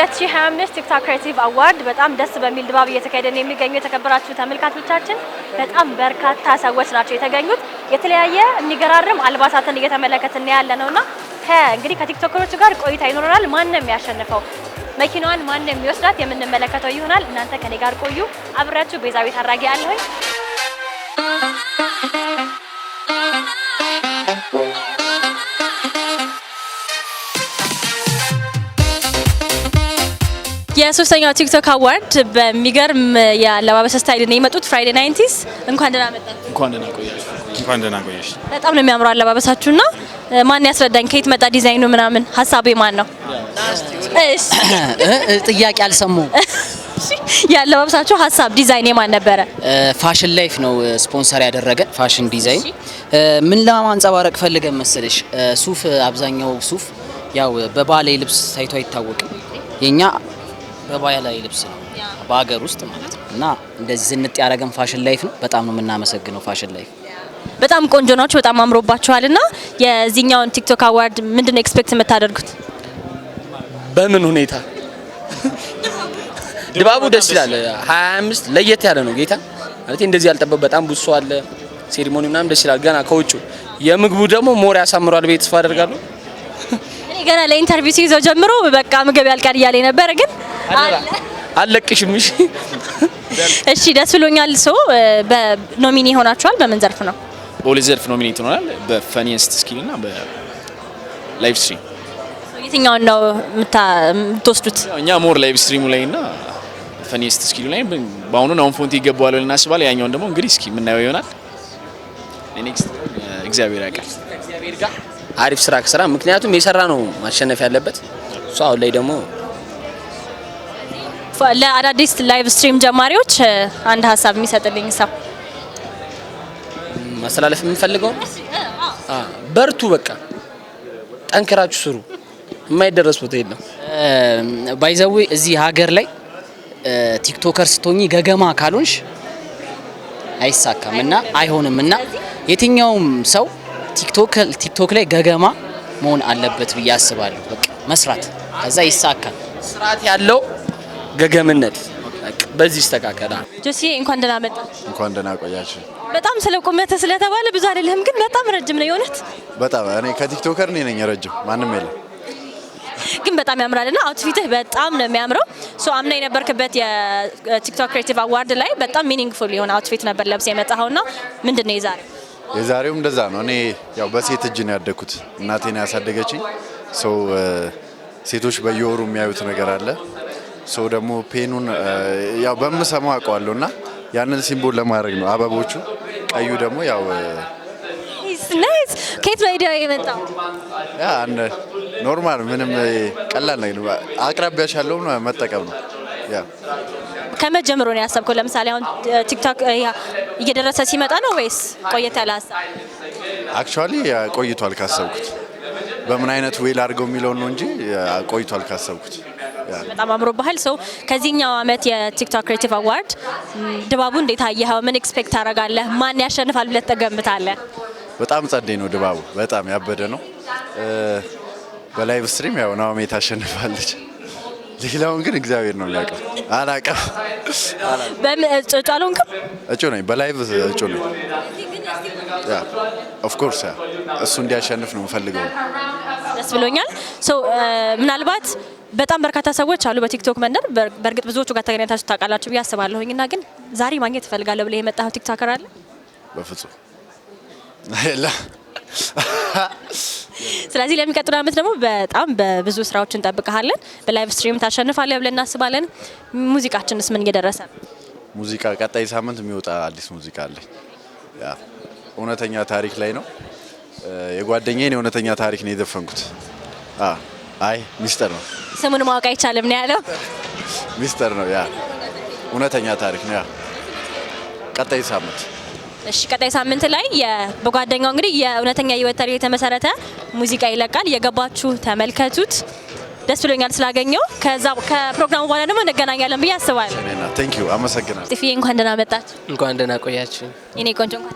የ2025 ቲክቶክ ክሬቲቭ አዋርድ በጣም ደስ በሚል ድባብ እየተካሄደ ነው የሚገኙ። የተከበራችሁ ተመልካቾቻችን በጣም በርካታ ሰዎች ናቸው የተገኙት። የተለያየ የሚገራርም አልባሳትን እየተመለከትን ያለ ነውና እንግዲህ ከቲክቶከሮቹ ጋር ቆይታ ይኖረናል። ማንም ያሸንፈው መኪናዋን ማንም የሚወስዳት የምንመለከተው ይሆናል። እናንተ ከኔ ጋር ቆዩ። አብሬያችሁ ቤዛቤት አድራጊ አለሁኝ። የሶስተኛው ቲክቶክ አዋርድ በሚገርም የአለባበስ ስታይል ነው የመጡት። ፍራይዴ ናይንቲስ እንኳን ደህና መጣችሁ። እንኳን ደህና ቆያችሁ። በጣም ነው የሚያምረው አለባበሳችሁና ማን ያስረዳኝ ከየት መጣ ዲዛይኑ ምናምን ሀሳቡ ማን ነው? ጥያቄ አልሰሙም። ያለባበሳችሁ ሀሳብ ዲዛይን የማን ነበረ? ፋሽን ላይፍ ነው ስፖንሰር ያደረገን። ፋሽን ዲዛይን ምን ለማንጸባረቅ ፈልገን መሰለሽ፣ ሱፍ አብዛኛው ሱፍ ያው በባህላዊ ልብስ ታይቶ አይታወቅም የኛ በባህላዊ ልብስ ነው በሀገር ውስጥ ማለት ነው። እና እንደዚህ ዝንጥ ያደረገን ፋሽን ላይፍ ነው። በጣም ነው የምናመሰግነው ፋሽን ላይፍ። በጣም ቆንጆ ናችሁ፣ በጣም አምሮባችኋል። እና የዚህኛውን ቲክቶክ አዋርድ ምንድን ነው ኤክስፔክት የምታደርጉት? በምን ሁኔታ ድባቡ ደስ ይላል። 25 ለየት ያለ ነው ጌታ ማለት እንደዚህ ያልጠበብ በጣም ብዙ ሰው አለ። ሴሪሞኒ ምናምን ደስ ይላል። ገና ከውጭ የምግቡ ደግሞ ሞር ያሳምሯል ቤት ተስፋ አደርጋለሁ። እኔ ገና ለኢንተርቪው ሲይዘው ጀምሮ በቃ ምግብ ያልቃል እያለ ነበር ግን አለቅሽም። እሺ ደስ ብሎኛል። ሶ በኖሚኒ ሆናችኋል። በምን ዘርፍ ነው? በሁለት ዘርፍ ኖሚኔት ሆናል። በፈኒየስት ስኪል እና በላይቭ ስትሪም። የትኛውን ነው የምትወስዱት? እኛ ሞር ላይቭ ስትሪሙ ላይ እና ፈኒየስት ስኪሉ ላይ በአሁኑ ናሁን ፎንቲ ይገባዋል እናስባለን። ያኛውን ደግሞ እንግዲህ እስኪ የምናየው ይሆናል። እግዚአብሔር ያውቃል። አሪፍ ስራ ከስራ ምክንያቱም የሰራ ነው ማሸነፍ ያለበት እሱ አሁን ላይ ደግሞ ለአዳዲስ ላይቭ ስትሪም ጀማሪዎች አንድ ሀሳብ የሚሰጥልኝ ሰው ማስተላለፍ የምንፈልገው በርቱ፣ በቃ ጠንክራችሁ ስሩ። የማይደረስ ቦታ የለም። ባይዘዌ እዚህ ሀገር ላይ ቲክቶከር ስትሆኚ ገገማ ካልሆንሽ አይሳካም እና አይሆንም እና የትኛውም ሰው ቲክቶክ ላይ ገገማ መሆን አለበት ብዬ አስባለሁ። በቃ መስራት ከዛ ይሳካል። ስርዓት ያለው ገገምነት በዚህ ይስተካከላል። ጆሲ እንኳን ደህና መጣ። እንኳን ደህና ቆያችሁ። በጣም ስለ ስለተባለ ብዙ አይደለም፣ ግን በጣም ረጅም ነው የእውነት። በጣም እኔ ከቲክቶከር እኔ ነኝ ረጅም፣ ማንም የለም። ግን በጣም ያምራል እና አውትፊትህ በጣም ነው የሚያምረው። ሶ አምና የነበርክበት የቲክቶክ ክሬቲቭ አዋርድ ላይ በጣም ሚኒንግፉል የሆነ አውትፊት ነበር ለብሰህ የመጣኸውና ምንድን ነው የዛሬ የዛሬው እንደዛ ነው። እኔ ያው በሴት እጅ ነው ያደግኩት፣ እናቴ ያሳደገችኝ ያሳደገችኝ። ሴቶች በየወሩ የሚያዩት ነገር አለ ሰው ደግሞ ፔኑን ያው በምሰማው አውቀዋለሁ እና ያንን ሲምቦል ለማድረግ ነው። አበቦቹ ቀዩ ደግሞ ያው ከየት ነው አይዲያው የመጣው? ኖርማል ምንም ቀላል ነው፣ አቅራቢያሽ ነው መጠቀም ነው። ከመጀመሩ ነው ያሰብከው? ለምሳሌ አሁን ቲክቶክ እየደረሰ ሲመጣ ነው ወይስ ቆየት ያለ ሀሳብ? አክቹዋሊ ቆይቷል ካሰብኩት። በምን አይነት ዌል አድርገው የሚለውን ነው እንጂ ቆይቷል ካሰብኩት። በጣም አምሮብሃል። ሰው ከዚህኛው አመት የቲክቶክ ክሬቲቭ አዋርድ ድባቡ እንዴት አየኸው? ምን ኤክስፔክት ታደርጋለህ? ማን ያሸንፋል ብለህ ትገምታለህ? በጣም ጸዴ ነው ድባቡ፣ በጣም ያበደ ነው። በላይቭ ስትሪም ያው ናኦሚ ታሸንፋለች። ሌላውን ግን እግዚአብሔር ነው የሚያውቀው። አላውቅም። እጩ አልሆንክም? እጩ ነኝ፣ በላይቭ እጩ ነኝ። ኦፍኮርስ እሱ እንዲያሸንፍ ነው የምፈልገው። ደስ ብሎኛል። uh, ምናልባት በጣም በርካታ ሰዎች አሉ በቲክቶክ መንደር። በእርግጥ ብዙዎቹ ጋር ተገናኝታችሁ ታውቃላችሁ ብዬ አስባለሁኝ እና ግን ዛሬ ማግኘት እፈልጋለሁ ብለህ የመጣኸው ቲክቶከር አለ? በፍጹም ስለዚህ ለሚቀጥሉ አመት ደግሞ በጣም በብዙ ስራዎች እንጠብቀሃለን። በላይቭ ስትሪም ታሸንፋለህ ብለን እናስባለን። ሙዚቃችንስ ምን እየደረሰ ነው? ሙዚቃ ቀጣይ ሳምንት የሚወጣ አዲስ ሙዚቃ አለኝ። እውነተኛ ታሪክ ላይ ነው የጓደኛዬን የእውነተኛ ታሪክ ነው የዘፈንኩት። አይ ሚስጥር ነው። ስሙን ማወቅ አይቻልም ነው ያለው። ሚስጥር ነው ያ፣ እውነተኛ ታሪክ ነው ያ። ቀጣይ ሳምንት እሺ፣ ቀጣይ ሳምንት ላይ በጓደኛው እንግዲህ የእውነተኛ ህይወት ታሪክ የተመሰረተ ሙዚቃ ይለቃል። የገባችሁ ተመልከቱት። ደስ ብሎኛል ስላገኘው። ከዛ ከፕሮግራሙ በኋላ ደግሞ እንገናኛለን ብዬ አስባለሁ። ቴንክ ዩ አመሰግናለሁ። ጥፊዬ እንኳን ደህና መጣችሁ። እንኳን ደህና ቆያችሁ። እኔ ቆንጆ እንኳን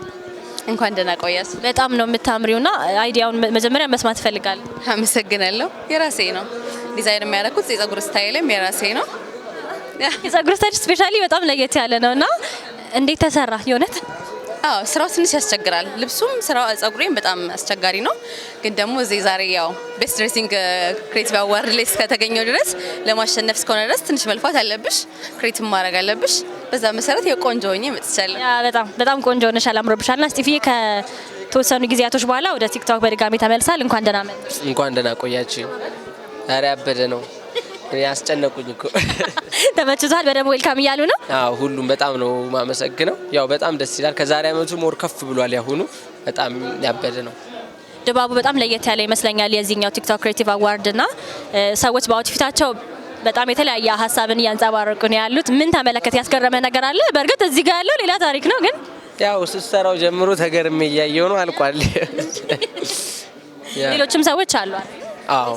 እንኳን ደህና ቆያስ። በጣም ነው የምታምሪውና አይዲያውን መጀመሪያ መስማት እፈልጋለሁ። አመሰግናለሁ። የራሴ ነው ዲዛይን የሚያደርኩት የጸጉር ስታይልም የራሴ ነው። የጸጉር ስታይል ስፔሻሊ በጣም ለየት ያለ ነው እና እንዴት ተሰራ? የእውነት አዎ፣ ስራው ትንሽ ያስቸግራል። ልብሱም ስራው ጸጉሬም በጣም አስቸጋሪ ነው። ግን ደግሞ እዚህ ዛሬ ያው ቤስት ድሬሲንግ ክሬቲቭ አዋርድ ላይ እስከተገኘው ድረስ ለማሸነፍ እስከሆነ ድረስ ትንሽ መልፋት አለብሽ፣ ክሬቲቭ ማድረግ አለብሽ። በዛ መሰረት የቆንጆ ሆኜ መጥቻለሁ። በጣም በጣም ቆንጆ ሆነሻል፣ አምሮብሻልና እስጢፍዬ ከተወሰኑ ጊዜያቶች በኋላ ወደ ቲክቶክ በድጋሚ ተመልሳል። እንኳን ደህና መጣሽ። እንኳን ደህና ቆያችሁ። ኧረ ያበደ ነው እኔ ያስጨነቁኝ እኮ ተመችቷል። በደንብ ዌልካም እያሉ ነው። አዎ ሁሉም በጣም ነው ማመሰግነው። ያው በጣም ደስ ይላል። ከዛሬ አመቱ ሞር ከፍ ብሏል። ያሁኑ በጣም ያበደ ነው። ድባቡ በጣም ለየት ያለ ይመስለኛል የዚህኛው ቲክቶክ ክሬቲቭ አዋርድ እና ሰዎች በአውትፊታቸው በጣም የተለያየ ሀሳብን እያንጸባረቁ ነው ያሉት። ምን ተመለከት? ያስገረመ ነገር አለ? በእርግጥ እዚህ ጋር ያለው ሌላ ታሪክ ነው፣ ግን ያው ስትሰራው ጀምሮ ተገርሜ እያየው ነው። አልቋል። ሌሎችም ሰዎች አሉ። አዎ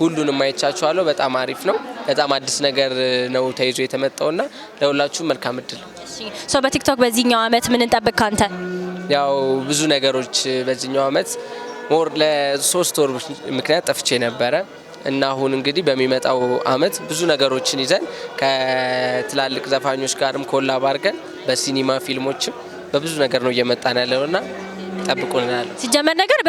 ሁሉንም አይቻችኋለሁ። በጣም አሪፍ ነው። በጣም አዲስ ነገር ነው ተይዞ የተመጣውና ለሁላችሁም መልካም እድል ሶ በቲክቶክ በዚህኛው አመት ምን እንጠብቅ ካንተ? ያው ብዙ ነገሮች በዚህኛው አመት ሞር ለሶስት ወር ምክንያት ጠፍቼ ነበረ። እና አሁን እንግዲህ በሚመጣው አመት ብዙ ነገሮችን ይዘን ከትላልቅ ዘፋኞች ጋርም ኮላ ባርገን በሲኒማ ፊልሞችም በብዙ ነገር ነው እየመጣን ያለው እና ጠብቁናል። ሲጀመር ነገር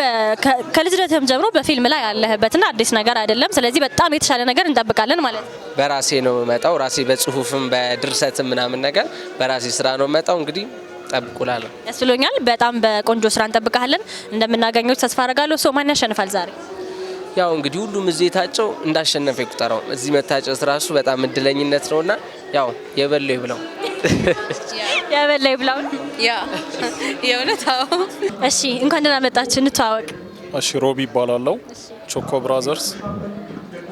ከልጅነትም ጀምሮ በፊልም ላይ ያለህበትና አዲስ ነገር አይደለም። ስለዚህ በጣም የተሻለ ነገር እንጠብቃለን ማለት ነው። በራሴ ነው የምመጣው። ራሴ በጽሁፍም በድርሰትም ምናምን ነገር በራሴ ስራ ነው የምመጣው እንግዲህ ጠብቁላለሁ። ያስብሎኛል። በጣም በቆንጆ ስራ እንጠብቃለን። እንደምናገኘው ተስፋ አረጋለሁ። ሰው ማን ያሸንፋል ዛሬ? ያው እንግዲህ ሁሉም እዚህ የታጨው እንዳሸነፈ ይቁጠረው። እዚህ መታጨት ራሱ በጣም እድለኝነት ነውና ያው የበለው ይብለው የበለው ይብላው። ያ የእውነት አዎ። እሺ እንኳን ደህና መጣችሁ፣ እንተዋወቅ። እሺ ሮቢ ይባላለሁ፣ ቾኮ ብራዘርስ።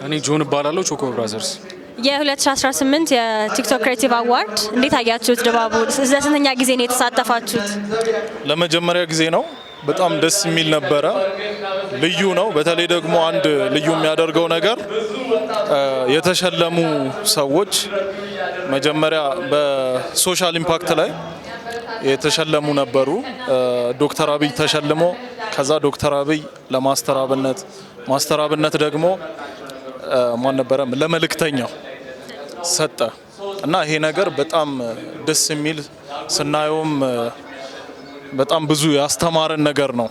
እኔ ጆን እባላለሁ፣ ቾኮ ብራዘርስ። የ2018 የቲክቶክ ክሬቲቭ አዋርድ እንዴት አያችሁት? ድባቡ ለስንተኛ ጊዜ ነው የተሳተፋችሁት? ለመጀመሪያ ጊዜ ነው በጣም ደስ የሚል ነበረ። ልዩ ነው። በተለይ ደግሞ አንድ ልዩ የሚያደርገው ነገር የተሸለሙ ሰዎች መጀመሪያ በሶሻል ኢምፓክት ላይ የተሸለሙ ነበሩ። ዶክተር አብይ ተሸልሞ ከዛ ዶክተር አብይ ለማስተር አብነት ማስተር አብነት ደግሞ ማን ነበረ ለመልእክተኛው ሰጠ እና ይሄ ነገር በጣም ደስ የሚል ስናየውም በጣም ብዙ ያስተማረን ነገር ነው።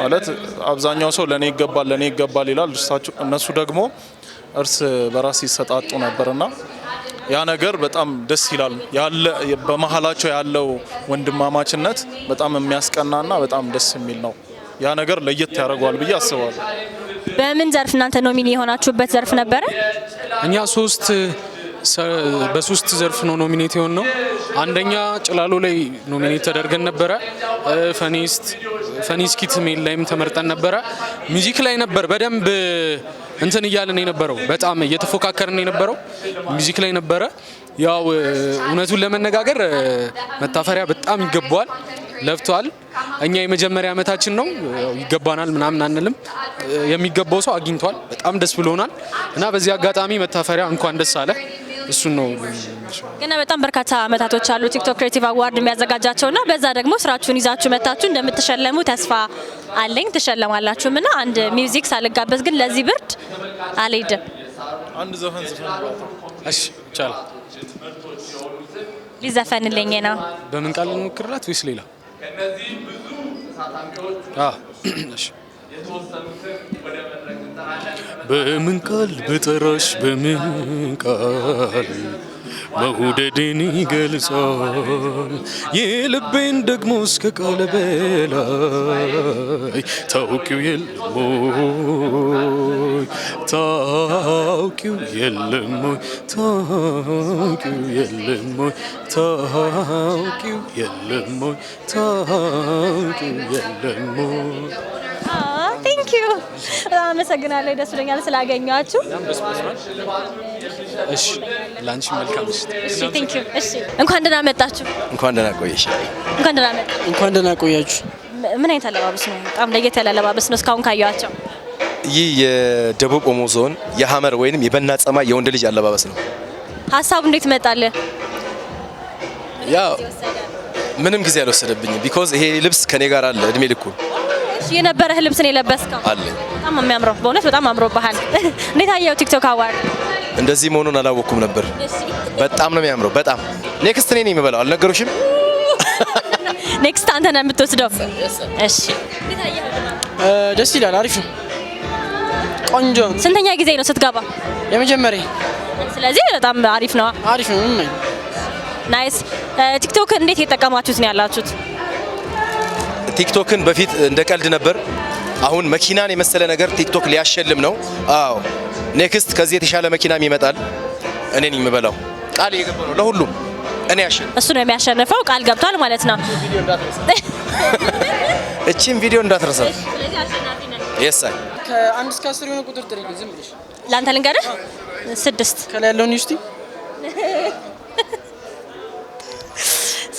ማለት አብዛኛው ሰው ለእኔ ይገባል ለእኔ ይገባል ይላል። እነሱ ደግሞ እርስ በራስ ይሰጣጡ ነበርና ያ ነገር በጣም ደስ ይላል። ያለ በመሀላቸው ያለው ወንድማማችነት በጣም የሚያስቀናና በጣም ደስ የሚል ነው። ያ ነገር ለየት ያደርገዋል ብዬ አስባለሁ። በምን ዘርፍ እናንተ ኖሚኒ የሆናችሁበት ዘርፍ ነበረ? እኛ ሶስት በሶስት ዘርፍ ነው ኖሚኔት የሆን ነው። አንደኛ ጭላሎ ላይ ኖሚኔት ተደርገን ነበረ። ፈኒስት ፈኒስ ኪት ሜል ላይም ተመርጠን ነበረ። ሚዚክ ላይ ነበር በደንብ እንትን እያልን የነበረው በጣም እየተፎካከርን የነበረው ሚዚክ ላይ ነበረ። ያው እውነቱን ለመነጋገር መታፈሪያ በጣም ይገባዋል፣ ለፍቷል። እኛ የመጀመሪያ ዓመታችን ነው ይገባናል ምናምን አንልም። የሚገባው ሰው አግኝቷል። በጣም ደስ ብሎናል እና በዚህ አጋጣሚ መታፈሪያ እንኳን ደስ አለ። እሱ ነው። ግን በጣም በርካታ አመታቶች አሉ ቲክቶክ ክሬቲቭ አዋርድ የሚያዘጋጃቸውና በዛ ደግሞ ስራችሁን ይዛችሁ መታችሁ እንደምትሸለሙ ተስፋ አለኝ። ትሸለማላችሁም እና አንድ ሚውዚክ ሳልጋበዝ ግን ለዚህ ብርድ አልሄድም። አንድ ዘፈን ዘፈን ሊዘፈንልኝ ነው። በምን ቃል እንሞክርላት ወይስ ሌላ? እሺ በምን ቃል ብጠራሽ በምን ቃል መውደድን ይገልጻል የልቤን ደግሞ እስከ ቃል በላይ ታውቂው የለም ወይ ታውቂው የለም ወይ ታውቂው የለም ወይ ታውቂው የለም ወይ ታውቂው የለም ወይ አመሰግናለሁ። ደስ ብሎኛል ስላገኘኋችሁ። እሺ፣ ላንቺ መልካም። እሺ፣ ቴንክ ዩ። እሺ፣ እንኳን ደህና መጣችሁ። እንኳን ደህና ቆየሽ። እንኳን ደህና መጣ። እንኳን ደህና ቆያችሁ። ምን አይነት አለባበስ ነው? በጣም ለየት ያለ አለባበስ ነው እስካሁን ካየኋቸው። ይህ የደቡብ ኦሞ ዞን የሐመር ወይንም የበና ጸማይ የወንድ ልጅ አለባበስ ነው። ሀሳቡ እንዴት መጣለ? ያው ምንም ጊዜ አልወሰደብኝም። ቢኮዝ ይሄ ልብስ ከኔ ጋር አለ እድሜ ልኩ የነበረህ ልብስ ነው የለበስከው። አለ በጣም የሚያምረው በእውነት በጣም አምሮብሃል። እንዴት አየው ቲክቶክ አዋር እንደዚህ መሆኑን አላወቅኩም ነበር። በጣም ነው የሚያምረው። በጣም ኔክስት እኔ ነኝ የምበላው። አልነገሩሽም? ኔክስት አንተ ነህ የምትወስደው። እሺ ደስ ይላል። አሪፍ ነው። ቆንጆ። ስንተኛ ጊዜ ነው ስትገባ? የመጀመሪያ። ስለዚህ በጣም አሪፍ ነው። አሪፍ ነው። ናይስ። ቲክቶክ እንዴት የጠቀማችሁት ነው ያላችሁት? ቲክቶክን በፊት እንደ ቀልድ ነበር። አሁን መኪናን የመሰለ ነገር ቲክቶክ ሊያሸልም ነው። አዎ ኔክስት ከዚህ የተሻለ መኪናም ይመጣል። እኔን የሚበላው ቃል እየገባ ነው ለሁሉም እኔ እሱ ነው የሚያሸንፈው። ቃል ገብቷል ማለት ነው። እቺን ቪዲዮ እንዳትረሳ። የሳ ከአንድ እስከ አስር የሆነ ቁጥር ጥሪ። ዝም ብለሽ ለአንተ ልንገርህ፣ ስድስት ከላይ ያለውን እስቲ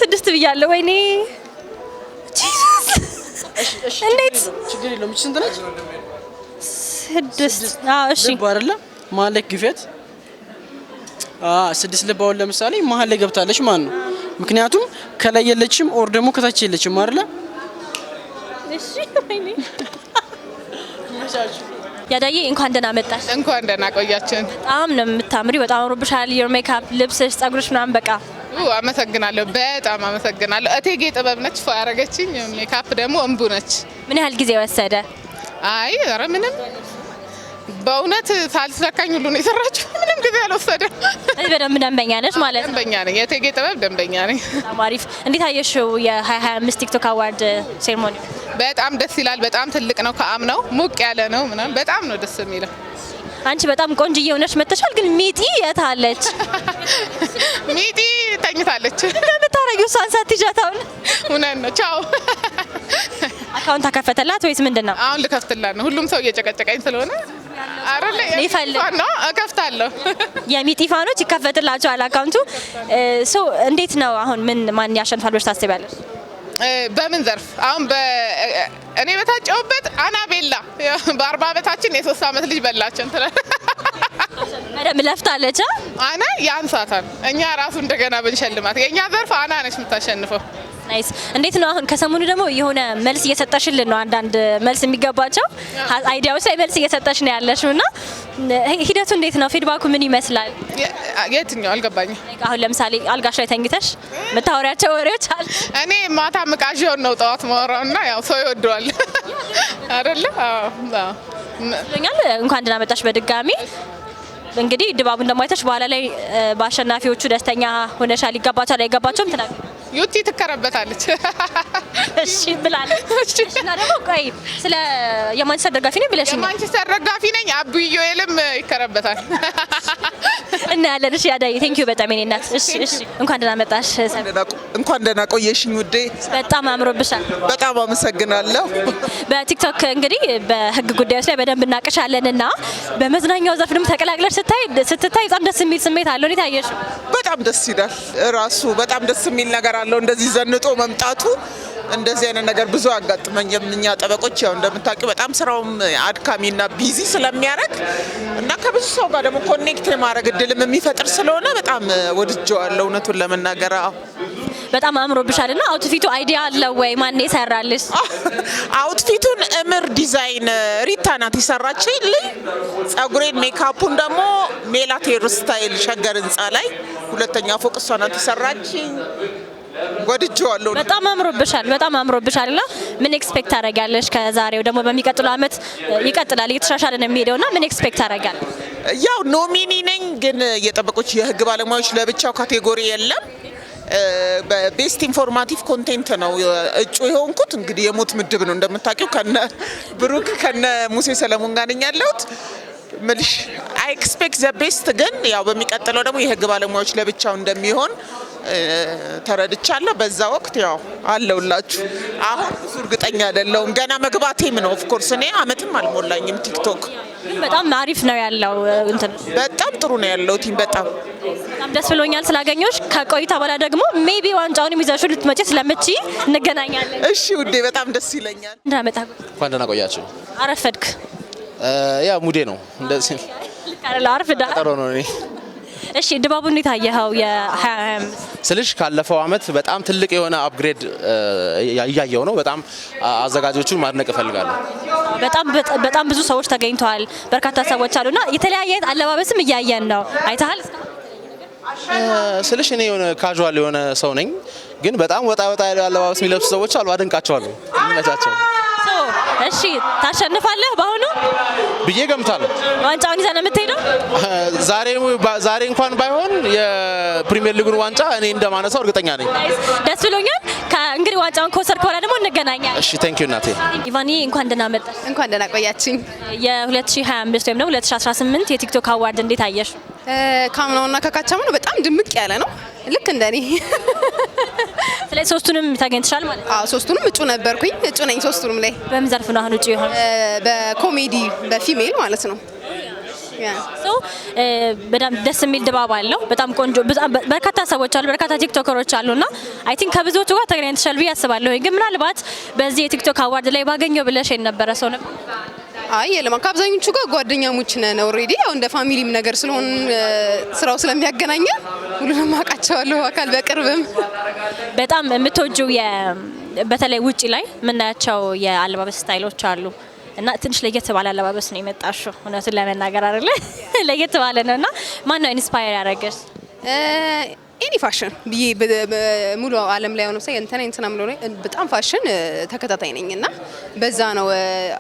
ስድስት ብያለሁ። ወይኔ እንዴት ችግር የለውም። ስንት ነች? ስድስት ልብ አይደለም መሀል ላይ ስድስት ልብ አሁን ለምሳሌ መሀል ላይ ገብታለች ማለት ነው። ምክንያቱም ከላይ የለችም ኦር ደግሞ ከታች የለችም አይደለ? እሺ ያዳዬ እንኳን ደህና መጣሽ። እንኳን ደህና ቆያችን። በጣም ነው የምታምሪ። በጣም አምሮብሻል። ዮር ሜካፕ፣ ልብስሽ፣ ጸጉርሽ ምናምን በቃ አመሰግናለሁ። በጣም አመሰግናለሁ። እቴጌ ጥበብ ነች ፎ ያረገችኝ። ሜካፕ ደግሞ እንቡ ነች። ምን ያህል ጊዜ ወሰደ? አይ ኧረ ምንም በእውነት ሳልሰካኝ ሁሉ ነው የሰራችው። ምንም ጊዜ አልወሰደም። በደንብ ደንበኛ ነች ማለት ነው። ደንበኛ ነኝ፣ የቴጌ ጥበብ ደንበኛ ነኝ። አሪፍ። እንዴት አየሽው የ2025 ቲክቶክ አዋርድ ሴሪሞኒ? በጣም ደስ ይላል። በጣም ትልቅ ነው፣ ነው ሙቅ ያለ ነው ምናምን። በጣም ነው ደስ የሚለው። አንቺ በጣም ቆንጅዬ ሆነሽ መጥተሻል። ግን ሚጢ የት አለች? ሚጢ ተኝታለች። እንደምታረጊው ሳንሳት ትጃታውን እውነት ነው። ቻው አካውንት አከፈተላት ወይስ ምንድን ነው? አሁን ልከፍትላት ነው። ሁሉም ሰው እየጨቀጨቀኝ ስለሆነ እከፍታለሁ። የሚጢፋኖች ይከፈትላቸዋል አካውንቱ። እንዴት ነው አሁን? ምን ማን ያሸንፋል ብለሽ ታስቢያለሽ? በምን ዘርፍ አሁን እኔ በታጨውበት አናቤላ በአርባ ዓመታችን የሶስት አመት ልጅ በላችን ትላል። በደምብ ለፍታለች። አና ያንሳታል። እኛ ራሱ እንደገና ብንሸልማት የእኛ ዘርፍ አና ነች የምታሸንፈው። ናይስ። እንዴት ነው አሁን ከሰሞኑ ደግሞ የሆነ መልስ እየሰጠሽልን ነው፣ አንዳንድ መልስ የሚገባቸው አይዲያዎች ላይ መልስ እየሰጠሽ ነው ያለሽው እና ሂደቱ እንዴት ነው? ፊድባኩ ምን ይመስላል? የትኛው አልገባኝ። አሁን ለምሳሌ አልጋሽ ላይ ተኝተሽ የምታወሪያቸው ወሬዎች አለ? እኔ ማታ ምቃዥ ነው ጠዋት ማወራው እና ያው ሰው ይወደዋል አይደለ? ይመስለኛል። እንኳን ደህና መጣሽ በድጋሚ እንግዲህ ድባቡን ደግሞ አይተሽ በኋላ ላይ በአሸናፊዎቹ ደስተኛ ሆነሻል። ይገባቸዋል አይገባቸውም ትናገር ዩቲ ትከረበታለች። እሺ ብላለች። እና ደግሞ ቆይ ስለ የማንቸስተር ደጋፊ ነኝ ብለሽ የማንቸስተር ደጋፊ ነኝ አብዮኤልም ይከረበታል። እና እሺ፣ አዳይ ቴንኪዩ በጣም የኔ እናት። እሺ፣ እሺ፣ እንኳን ደህና መጣሽ። እንኳን ደህና ቆየሽኝ ውዴ። በጣም አምሮብሻል። በጣም አመሰግናለሁ። በቲክቶክ እንግዲህ በህግ ጉዳዮች ላይ በደንብ እናቅሻለን እና በመዝናኛው ዘርፍ ደግሞ ተቀላቅለሽ ስታይ ስትታይ በጣም ደስ የሚል ስሜት አለው። እኔ ታየሽ በጣም ደስ ይላል። ራሱ በጣም ደስ የሚል ነገር ያለው እንደዚህ ዘንጦ መምጣቱ እንደዚህ አይነት ነገር ብዙ አጋጥመኝ። የምኛ ጠበቆች ያው እንደምታውቂው በጣም ስራውም አድካሚና ቢዚ ስለሚያደርግ እና ከብዙ ሰው ጋር ደግሞ ኮኔክት የማድረግ እድልም የሚፈጥር ስለሆነ በጣም ወድጀዋለሁ እውነቱን ለመናገር። አዎ በጣም አምሮብሻል። ና አውትፊቱ አይዲያ አለው ወይ? ማን የሰራልሽ አውትፊቱን? እምር ዲዛይን ሪታ ናት የሰራችልኝ። ጸጉሬን፣ ሜካፑን ደግሞ ሜላቴሩ ስታይል ሸገር ህንፃ ላይ ሁለተኛ ፎቅ እሷ ናት የሰራችኝ። ወድጄዋለሁ። በጣም አምሮብሻል። በጣም አምሮብሻል እና ምን ኤክስፔክት ታደርጊያለሽ? ከዛሬው ደግሞ በሚቀጥለው አመት ይቀጥላል፣ እየተሻሻለ ነው የሚሄደው እና ምን ኤክስፔክት ታደርጊያለሽ? ያው ኖሚኒ ነኝ፣ ግን የጠበቆች የህግ ባለሙያዎች ለብቻው ካቴጎሪ የለም። በቤስት ኢንፎርማቲቭ ኮንቴንት ነው እጩ የሆንኩት። እንግዲህ የሞት ምድብ ነው እንደምታውቂው። ከነ ብሩክ ከነ ሙሴ ሰለሞን ጋር ነኝ ያለሁት ምልሽ። አይ ኤክስፔክት ዘ ቤስት ግን ያው በሚቀጥለው ደግሞ የህግ ባለሙያዎች ለብቻው እንደሚሆን ተረድቻለሁ። በዛ ወቅት ያው አለውላችሁ። አሁን ብዙ እርግጠኛ አይደለሁም ገና መግባቴም ነው። ኦፍኮርስ እኔ አመትም አልሞላኝም ቲክቶክ በጣም አሪፍ ነው ያለው። በጣም ጥሩ ነው ያለው ቲም። በጣም በጣም ደስ ብሎኛል ስላገኘሁሽ። ከቆይታ በኋላ ደግሞ ሜቢ ዋንጫውን የሚዘሹ ልትመጪ ስለምቺ እንገናኛለን። እሺ ውዴ፣ በጣም ደስ ይለኛል። እንዳመጣ እንኳን ደህና ቆያችሁ። አረፈድክ? ያ ሙዴ ነው እንደዚህ ልክ አርፍዳ አርፍዳ ነው እኔ እሺ ድባቡ እንዴት አየኸው? የ25 ስልሽ ካለፈው አመት በጣም ትልቅ የሆነ አፕግሬድ እያየው ነው። በጣም አዘጋጆቹን ማድነቅ እፈልጋለሁ። በጣም በጣም ብዙ ሰዎች ተገኝተዋል። በርካታ ሰዎች አሉና የተለያየ አለባበስም እያየን ነው። አይተሃል ስልሽ እኔ የሆነ ካዥዋል የሆነ ሰው ነኝ፣ ግን በጣም ወጣ ወጣ ያለ አለባበስ የሚለብሱ ሰዎች አሉ። አድንቃቸዋለሁ። ይመቻቸው። እሺ ታሸንፋለህ? በአሁኑ ብዬ ገምታለሁ። ዋንጫውን ይዘህ ነው የምትሄደው? ዛሬ እንኳን ባይሆን የፕሪሚየር ሊጉን ዋንጫ እኔ እንደማነሳው እርግጠኛ ነኝ። ደስ ብሎኛል። እንግዲህ ዋንጫውን ከወሰድክ በኋላ ደግሞ እንገናኛለን። እሺ፣ ቴንክ ዩ እናቴ። ኢቫኒ እንኳን ደህና እንኳን ደህና ቆያችኝ። የ2025 ወይም ደግሞ 2018 የቲክቶክ አዋርድ እንዴት አየሽ? ካምናውና ከካቻሙ ነው በጣም ድምቅ ያለ ነው። ልክ እንደኔ ላይ ሶስቱንም ታገኝተሻል ማለት ነው? አዎ ሶስቱንም እጩ ነበርኩኝ። እጩ ነኝ ሶስቱንም ላይ። በምን ዘርፍ ነው አሁን እጩ የሆነ? በኮሜዲ በፊሜል ማለት ነው። ሰው በጣም ደስ የሚል ድባብ አለው። በጣም ቆንጆ በርካታ ሰዎች አሉ፣ በርካታ ቲክቶከሮች አሉ አሉና አይ ቲንክ ከብዙዎቹ ጋር ተገናኝተሻል ብዬ አስባለሁ። ግን ምናልባት በዚህ የቲክቶክ አዋርድ ላይ ባገኘው ብለሽ የነበረ ሰው ነበር አይ የለም ከአብዛኞቹ ጋር ጓደኛሞች ነን ኦልሬዲ ያው እንደ ፋሚሊም ነገር ስለሆን ስራው ስለሚያገናኘ ሁሉንም አውቃቸዋለሁ አካል በቅርብም። በጣም የምትወጂው በተለይ ውጪ ላይ የምናያቸው የአለባበስ ስታይሎች አሉ እና ትንሽ ለየት ባለ አለባበስ ነው የመጣሽው። እውነቱን ለመናገር አይደለ ለየት ባለ ነው እና ማን ነው ኢንስፓየር ያደረገሽ? ኤኒ ፋሽን ብዬ ሙሉ ዓለም ላይ ሆነው ሳይ እንትና እንትና ምለ በጣም ፋሽን ተከታታይ ነኝ እና በዛ ነው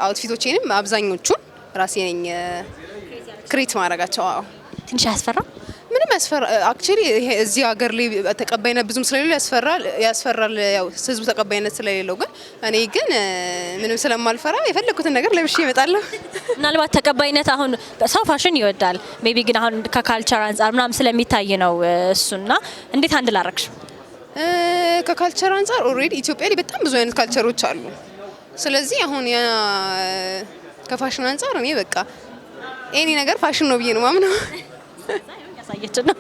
አውትፊቶቼንም አብዛኞቹን ራሴ ነኝ ክሬት ማድረጋቸው። ትንሽ አያስፈራም? ምንም ያስፈራ ይሄ እዚህ ሀገር ላይ ተቀባይነት ብዙም ስለሌለው ያስፈራል ያስፈራል። ያው ህዝቡ ተቀባይነት ስለሌለው ግን እኔ ግን ምንም ስለማልፈራ የፈለኩትን ነገር ለብሼ እመጣለሁ። ምናልባት ተቀባይነት አሁን ሰው ፋሽን ይወዳል ሜቢ ግን አሁን ከካልቸር አንጻር ምናምን ስለሚታይ ነው እሱና እንዴት አንድ ላረግሽ ከካልቸር አንጻር ኦልሬዲ ኢትዮጵያ ላይ በጣም ብዙ አይነት ካልቸሮች አሉ። ስለዚህ አሁን ያ ከፋሽን አንጻር እኔ በቃ ኤኒ ነገር ፋሽን ነው ብዬ ነው ማምነው። እያሳየችን ነው።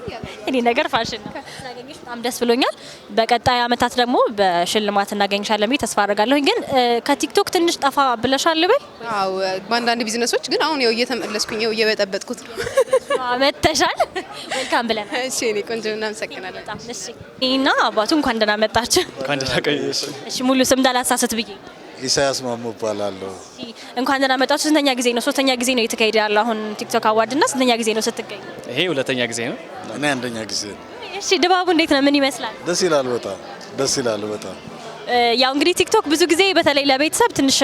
እኔ ነገር ፋሽን ነው። ስላገኘሽ በጣም ደስ ብሎኛል። በቀጣይ አመታት ደግሞ በሽልማት እናገኝሻለን ብዬ ተስፋ አድርጋለሁኝ። ግን ከቲክቶክ ትንሽ ጠፋ ብለሻል ልበል? አዎ፣ በአንዳንድ ቢዝነሶች ግን አሁን ያው እየተመለስኩኝ ያው እየበጠበጥኩት ነው። መተሻል መልካም ብለናል። እሺ፣ እኔ ቆንጆ እናመሰግናለን። እሺ፣ እና አባቱ እንኳን ደህና መጣችሁ። እንኳን ደህና ቀየሽ። እሺ፣ ሙሉ ስም እንዳላሳስት ብዬ ኢሳያስ ማሞ እባላለሁ። እንኳን ደህና መጣችሁ። ስንተኛ ጊዜ ነው? ሶስተኛ ጊዜ ነው የተካሄደ ያለ አሁን ቲክቶክ አዋርድ እና ስንተኛ ጊዜ ነው ስትገኝ? ይሄ ሁለተኛ ጊዜ ነው። እኔ አንደኛ ጊዜ ነው። እሺ፣ ድባቡ እንዴት ነው? ምን ይመስላል? ደስ ይላል። በጣም ደስ ይላል። በጣም ያው እንግዲህ ቲክቶክ ብዙ ጊዜ በተለይ ለቤተሰብ ትንሽ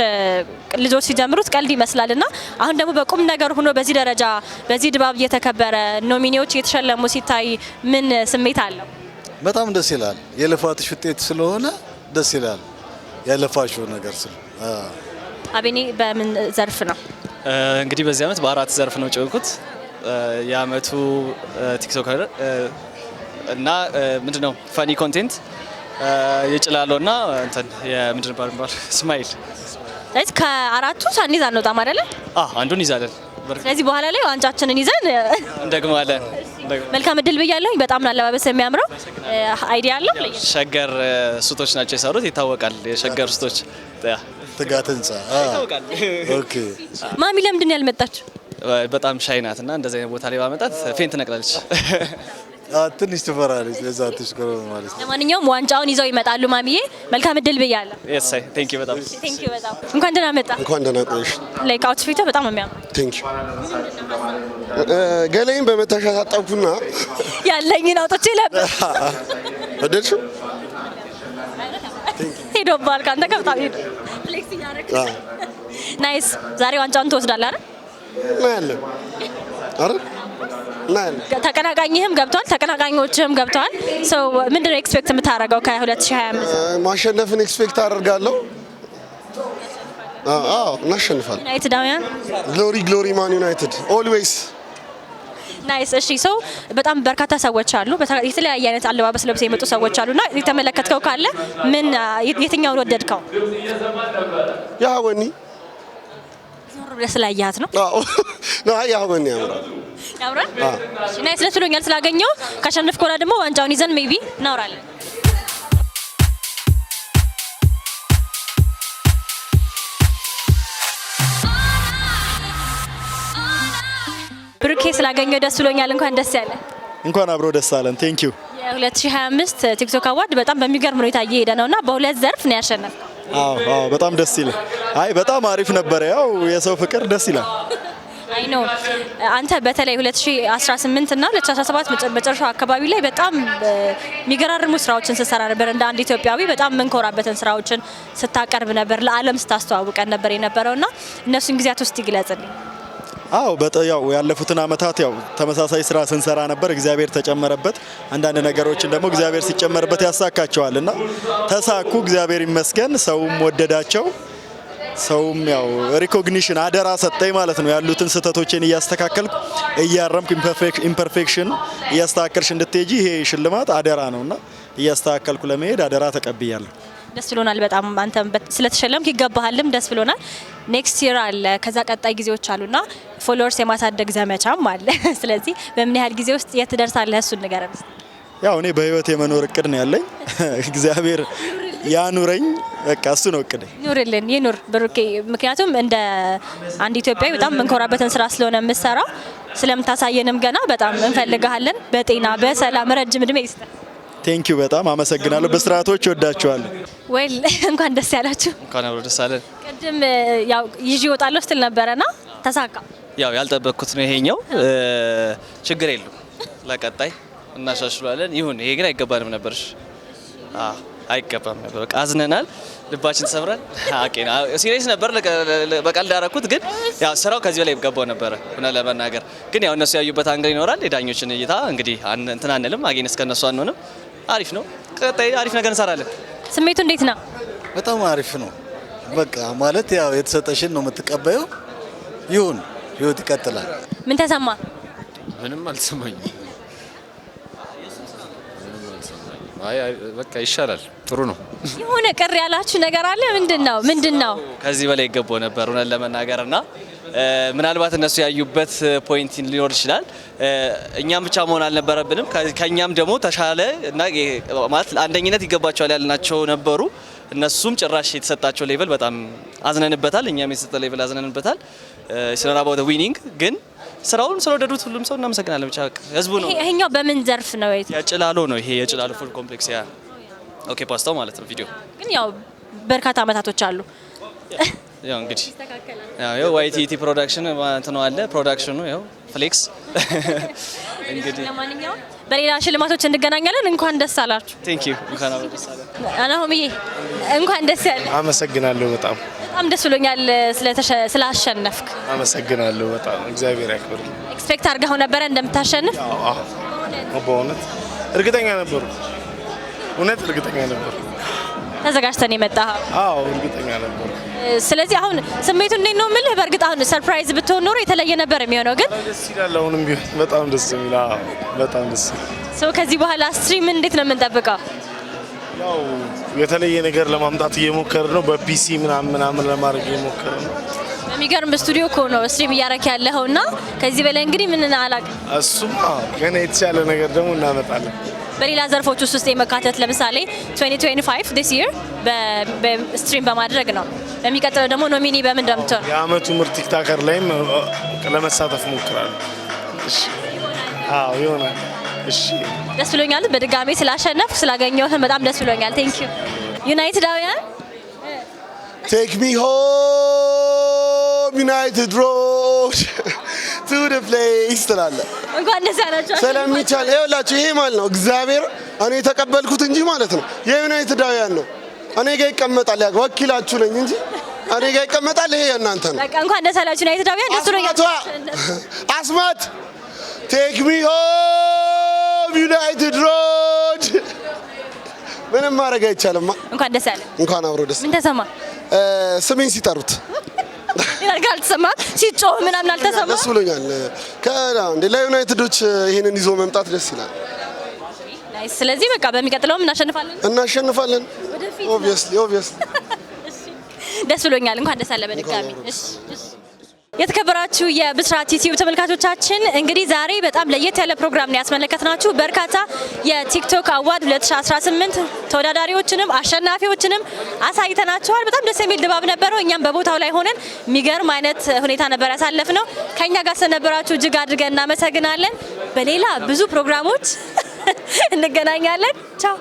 ልጆች ሲጀምሩት ቀልድ ይመስላል እና አሁን ደግሞ በቁም ነገር ሆኖ በዚህ ደረጃ በዚህ ድባብ እየተከበረ ኖሚኒዎች እየተሸለሙ ሲታይ ምን ስሜት አለው? በጣም ደስ ይላል። የልፋትሽ ውጤት ስለሆነ ደስ ይላል። ያለፋሽው ነገር ስል አቤኔ በምን ዘርፍ ነው እንግዲህ በዚህ አመት በአራት ዘርፍ ነው ጨውኩት የአመቱ ቲክቶከር እና ምንድን ነው ፋኒ ኮንቴንት የጭላለው እና እንትን የምንድን ባርባል ስማይል ስለዚህ ከአራቱ ሳንይዝ አንወጣም አይደለ አንዱን ይዛለን ስለዚህ በኋላ ላይ ዋንጫችንን ይዘን እንደግማለን መልካም እድል ብያለሁ። በጣም ነው አለባበስ የሚያምረው። አይዲያ አለ። ሸገር ሱቶች ናቸው የሰሩት፣ ይታወቃል። የሸገር ሱቶች ትጋት ህንጻ ይታወቃል። ኦኬ ማሚ ለምንድን ያልመጣች? በጣም ሻይ ናት እና እንደዚህ አይነት ቦታ ላይ ባመጣት ፌንት ነቅላለች። ትንሽ ትፈራለች። ለዛ ትሽከረ ማለት ነው። ለማንኛውም ዋንጫውን ይዘው ይመጣሉ። ማሚዬ መልካም እድል ብያለሁ። ኤስ አይ ቴንክ ዩ በጣም ቴንክ ዩ በጣም እንኳን ደህና መጣ። እንኳን ደህና ቆይሽ። ላይክ አውትፊቱ በጣም የሚያምር ቴንክ ዩ። ገለይን በመታሻ ታጠብኩና ያለኝን አውጥቼ ለብ ወደድሽ ሄዶባል። ካንተ ከብታ ሄዶ ፍሌክስ እያደረግሽ ናይስ። ዛሬ ዋንጫውን ትወስዳለህ አይደል? እናያለን አይደል ተቀናቃኝህም ገብቷል፣ ተቀናቃኞችህም ገብቷል። ሰው ምንድነው ኤክስፔክት የምታደርገው ከ2025? ማሸነፍን ኤክስፔክት አደርጋለሁ። እናሸንፋል። ዩናይትድ ግሎሪ ግሎሪ ማን ዩናይትድ ኦልዌይስ ናይስ። እሺ ሰው በጣም በርካታ ሰዎች አሉ፣ የተለያየ አይነት አለባበስ ለብሰ የመጡ ሰዎች አሉ እና የተመለከትከው ካለ ምን የትኛውን ወደድከው? ያ ወኒ ዞር ብለህ ስላየሃት ነው ነው። አሁን ያምራል ያምራል። ናይስ ደስ ብሎኛል ስላገኘው። ካሸነፍክ በኋላ ደግሞ ዋንጫውን ይዘን ሜቢ እናወራለን። ብሩኬ ስላገኘው ደስ ብሎኛል። እንኳን ደስ ያለ እንኳን አብሮ ደስ አለን። ቴንክ ዩ። የ2025 ቲክቶክ አዋርድ በጣም በሚገርም ሁኔታ እየሄደ ነውና በሁለት ዘርፍ ነው ያሸነፍ። አዎ አዎ፣ በጣም ደስ ይላል። አይ በጣም አሪፍ ነበረ። ያው የሰው ፍቅር ደስ ይላል። አይ አንተ በተለይ 2018 እና 2017 መጨረሻው አካባቢ ላይ በጣም የሚገራርሙ ስራዎችን ስትሰራ ነበር። እንደ አንድ ኢትዮጵያዊ በጣም የምንኮራበትን ስራዎችን ስታቀርብ ነበር፣ ለዓለም ስታስተዋውቀን ነበር የነበረውና እነሱን ጊዜያት ውስጥ ይግለጽልኝ። አዎ በያው ያለፉትን አመታት ያው ተመሳሳይ ስራ ስንሰራ ነበር። እግዚአብሔር ተጨመረበት። አንዳንድ ነገሮችን ደግሞ እግዚአብሔር ሲጨመርበት ያሳካቸዋል እና ተሳኩ። እግዚአብሔር ይመስገን። ሰውም ወደዳቸው። ሰውም ያው ሪኮግኒሽን አደራ ሰጠኝ ማለት ነው። ያሉትን ስህተቶችን እያስተካከልኩ እያረምኩ ኢምፐርፌክሽን እያስተካከልሽ እንድትሄጂ ይሄ ሽልማት አደራ ነውና እያስተካከልኩ ለመሄድ አደራ ተቀብያለሁ። ደስ ብሎናል በጣም አንተ ስለተሸለምክ ይገባሃልም ደስ ብሎናል። ኔክስት ይር አለ፣ ከዛ ቀጣይ ጊዜዎች አሉና ፎሎወርስ የማሳደግ ዘመቻም አለ። ስለዚህ በምን ያህል ጊዜ ውስጥ የት ደርሳለህ? እሱን ንገረን። ያው እኔ በህይወት የመኖር እቅድ ነው ያለኝ እግዚአብሔር ያኑረኝ በቃ እሱ ነው እቅዴ። ኑርልን ይኑር ብሩኬ። ምክንያቱም እንደ አንድ ኢትዮጵያዊ በጣም የምንኮራበትን ስራ ስለሆነ የምሰራ ስለምታሳየንም ገና በጣም እንፈልግሃለን። በጤና በሰላም ረጅም እድሜ ይስጥ። ዩ በጣም አመሰግናለሁ። በስርዓቶች ወዳችኋለሁ። ወይል እንኳን ደስ ያላችሁ። እንኳን አብሮ ደስ አለን። ቅድም ያው ይዤ እወጣለሁ ስትል ነበረና ተሳካ። ያው ያልጠበቅኩት ነው ይሄኛው። ችግር የለም ለቀጣይ እናሻሽሏለን። ይሁን ይሄ ግን አይገባንም ነበርሽ አይገባም በቃ አዝነናል፣ ልባችን ተሰብራል። ሲሪየስ ነበር፣ በቃል ዳረኩት፣ ግን ያው ስራው ከዚህ በላይ ገባው ነበረ ሆነ ለመናገር ግን ያው እነሱ ያዩበት አንግል ይኖራል። የዳኞችን እይታ እንግዲህ እንትን አንልም፣ አጌን እስከነሱ አንሆንም። አሪፍ ነው። ቀጣይ አሪፍ ነገር እንሰራለን። ስሜቱ እንዴት ነው? በጣም አሪፍ ነው። በቃ ማለት ያው የተሰጠሽን ነው የምትቀበዩ። ይሁን፣ ህይወት ይቀጥላል። ምን ተሰማ? ምንም አልሰማኝም። በቃ ይሻላል። ጥሩ ነው። የሆነ ቅር ያላችሁ ነገር አለ? ምንድን ነው ምንድን ነው? ከዚህ በላይ ይገባው ነበር እውነት ለመናገር እና ምናልባት እነሱ ያዩበት ፖይንት ሊኖር ይችላል። እኛም ብቻ መሆን አልነበረብንም። ከእኛም ደግሞ ተሻለ እና ማለት አንደኝነት ይገባቸዋል ያልናቸው ነበሩ። እነሱም ጭራሽ የተሰጣቸው ሌቨል በጣም አዝነንበታል። እኛም የተሰጠ ሌቨል አዝነንበታል። ስራ ዊኒንግ ግን ስራውን ስለወደዱት ሁሉም ሰው እናመሰግናለን። ብቻ ህዝቡ ነው። ይሄኛው በምን ዘርፍ ነው? ያጭላሎ ነው። ይሄ የጭላሎ ፉል ኮምፕሌክስ ያ ኦኬ ፓስታው ማለት ነው። ቪዲዮ ግን ያው በርካታ አመታቶች አሉ። ያው እንግዲህ ያው ያው ዋይቲቲ ፕሮዳክሽን ማለት ነው አለ ፕሮዳክሽኑ ያው ፍሌክስ እንግዲህ ለማንኛውም በሌላ ሽልማቶች እንገናኛለን። እንኳን ደስ አላችሁ። ቴንክ ዩ እንኳን አብረን ደስ አላችሁ። አናሁምዬ እንኳን ደስ ያለ። አመሰግናለሁ። በጣም በጣም ደስ ብሎኛል ስላሸነፍክ። አመሰግናለሁ በጣም እግዚአብሔር ያክብር። ኤክስፔክት አድርገው ነበረ እንደምታሸንፍ? በእውነት እርግጠኛ ነበርኩ። እውነት እርግጠኛ ነበር። ተዘጋጅተን የመጣ አዎ፣ እርግጠኛ ነበር። ስለዚህ አሁን ስሜቱ እንዴት ነው የምልህ፣ በእርግጥ አሁን ሰርፕራይዝ ብትሆን ኖሮ የተለየ ነበር የሚሆነው፣ ግን ደስ ይላል። አሁንም ቢሆን በጣም ደስ የሚል በጣም ደስ ሰው ከዚህ በኋላ ስትሪም እንዴት ነው የምንጠብቀው? ያው የተለየ ነገር ለማምጣት እየሞከር ነው፣ በፒሲ ምናምን ምናምን ለማድረግ እየሞከር ነው። በሚገርም ስቱዲዮ እኮ ነው ስትሪም እያረክ ያለኸውና ከዚህ በላይ እንግዲህ ምን አላቅ እሱማ ገና የተሻለ ነገር ደግሞ እናመጣለን። በሌላ ዘርፎች ውስጥ ውስጥ የመካተት ለምሳሌ 2025 ዲስ ይር በስትሪም በማድረግ ነው። በሚቀጥለው ደግሞ ኖሚኒ በምን ነው? የአመቱ ምርጥ ቲክታከር ላይም ለመሳተፍ ሞክራለሁ። ይሆናል። እሺ፣ ደስ ብሎኛል። በድጋሜ ስላሸነፍ ስላገኘሁህ በጣም ደስ ብሎኛል። ቴንክ ዩ አውያን ቴክ ሚ ሆም ዩናይትድ ሮድ ቱ ደ ፕሌስ ትላለ። እንኳን ደስ ያላችሁ። ስለሚቻል ይኸውላችሁ፣ ይሄ ማለት ነው እግዚአብሔር እኔ የተቀበልኩት እንጂ ማለት ነው የዩናይትዳውያን ነው። እኔ ጋር ይቀመጣል። ያ ወኪላችሁ ነኝ እንጂ እኔ ጋር ይቀመጣል። ይሄ የእናንተ ነው። በቃ እንኳን ደስ ያላችሁ ዩናይትዳውያን። ደስ ነው አስማት ቴክ ሚ ሆም ዩናይትድ ሮድ ምንም ማድረግ አይቻልም። እንኳን ደስ ያለ። እንኳን አብሮ ደስ ምን ተሰማ ስሜን ሲጠሩት ነገር አልተሰማም። ሲጮህ ምናምን አልተሰማም። ደስ ብሎኛል። ለዩናይትዶች ይህንን ይዞ መምጣት ደስ ይላል። ስለዚህ በቃ በሚቀጥለውም እናሸንፋለን እናሸንፋለን። ኦብቪየስሊ ኦብቪየስሊ ደስ ብሎኛል። እንኳን ደስ አለ በድጋሚ። የተከበራችሁ የብስራት ዩቲዩብ ተመልካቾቻችን እንግዲህ ዛሬ በጣም ለየት ያለ ፕሮግራም ነው ያስመለከትናችሁ። በርካታ የቲክቶክ አዋድ 2018 ተወዳዳሪዎችንም አሸናፊዎችንም አሳይተናችኋል። በጣም ደስ የሚል ድባብ ነበረው። እኛም በቦታው ላይ ሆነን የሚገርም አይነት ሁኔታ ነበር ያሳለፍ ነው። ከእኛ ጋር ስለነበራችሁ እጅግ አድርገን እናመሰግናለን። በሌላ ብዙ ፕሮግራሞች እንገናኛለን። ቻው